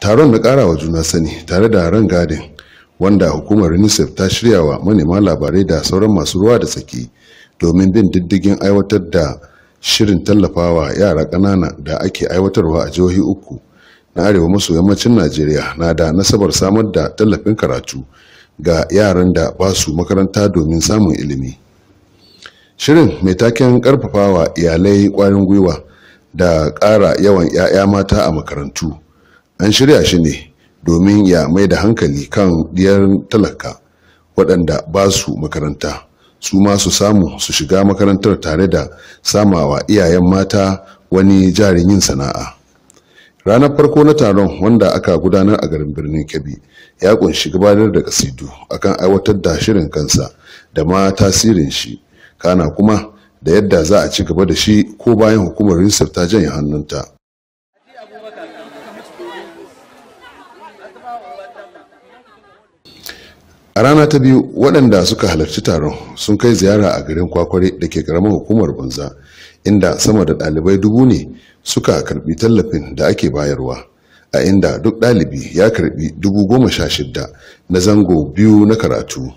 taron na wa juna sani tare da ran gadin wanda hukumar unicef ta shirya wa manema labarai da sauran masu ruwa da tsaki domin bin diddigin aiwatar da shirin tallafawa yara ƙanana da ake aiwatarwa a jihohi uku na arewa maso yammacin najeriya na da nasabar samar da tallafin karatu ga yaran da ba su makaranta domin samun ilimi shirin mai taken karfafawa iyalai kwarin gwiwa da ƙara yawan 'ya'ya mata a makarantu an shirya shi ne domin ya mai da hankali kan diyar talaka waɗanda ba su makaranta su ma su samu su shiga makarantar tare da samawa iyayen mata wani jarin yin sana'a ranar farko na taron wanda aka gudanar a garin birnin kebbi ya kunshi gabatar da kasidu akan aiwatar da shirin kansa da ma tasirin shi kana kuma da yadda za a ci gaba da shi ko bayan hukumar rinsar ta janye hannunta a rana ta biyu waɗanda suka halarci taron sun kai ziyara a garin kwakwari da ke karamar hukumar banza inda sama da ɗalibai dubu ne suka karbi tallafin da ake bayarwa a inda duk ɗalibi ya karbi dubu goma sha shidda na zango biyu na karatu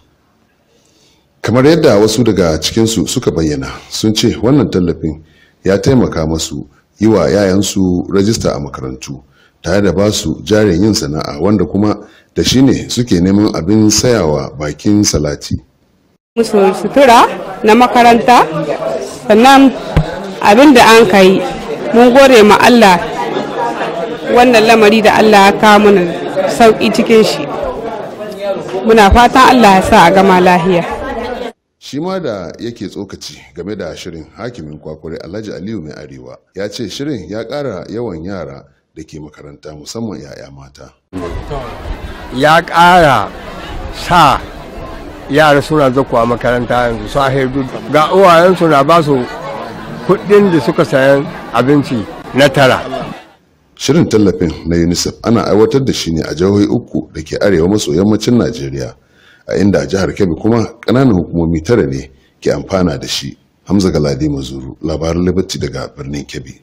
kamar yadda wasu daga cikinsu suka bayyana sun ce wannan tallafin ya taimaka masu yi wa yayansu rajista a makarantu tare da ba su jarin yin sana'a wanda kuma da shi ne suke neman abin sayawa bakin salati. musu sutura na makaranta sannan abin da an kai mun gore ma Allah wannan lamari da Allah ya kawo mana sauƙi cikin shi muna fatan Allah ya sa a gama lahiya. shi ma da yake tsokaci game da shirin hakimin kwakwari alhaji aliyu mai arewa ya ce shirin ya ƙara yawan yara da ke makaranta musamman 'ya'ya mata ya ƙara sa yara suna zakuwa makaranta yanzu haidu ga uwayensu na ba su kuɗin da suka sayan abinci na tara shirin tallafin na unicef ana aiwatar da shi ne a jihohi uku da ke arewa maso yammacin najeriya a inda a jihar kebbi kuma ƙananan hukumomi tara ne ke amfana da shi hamza galadi mazuru labarin liberty daga birnin kebbi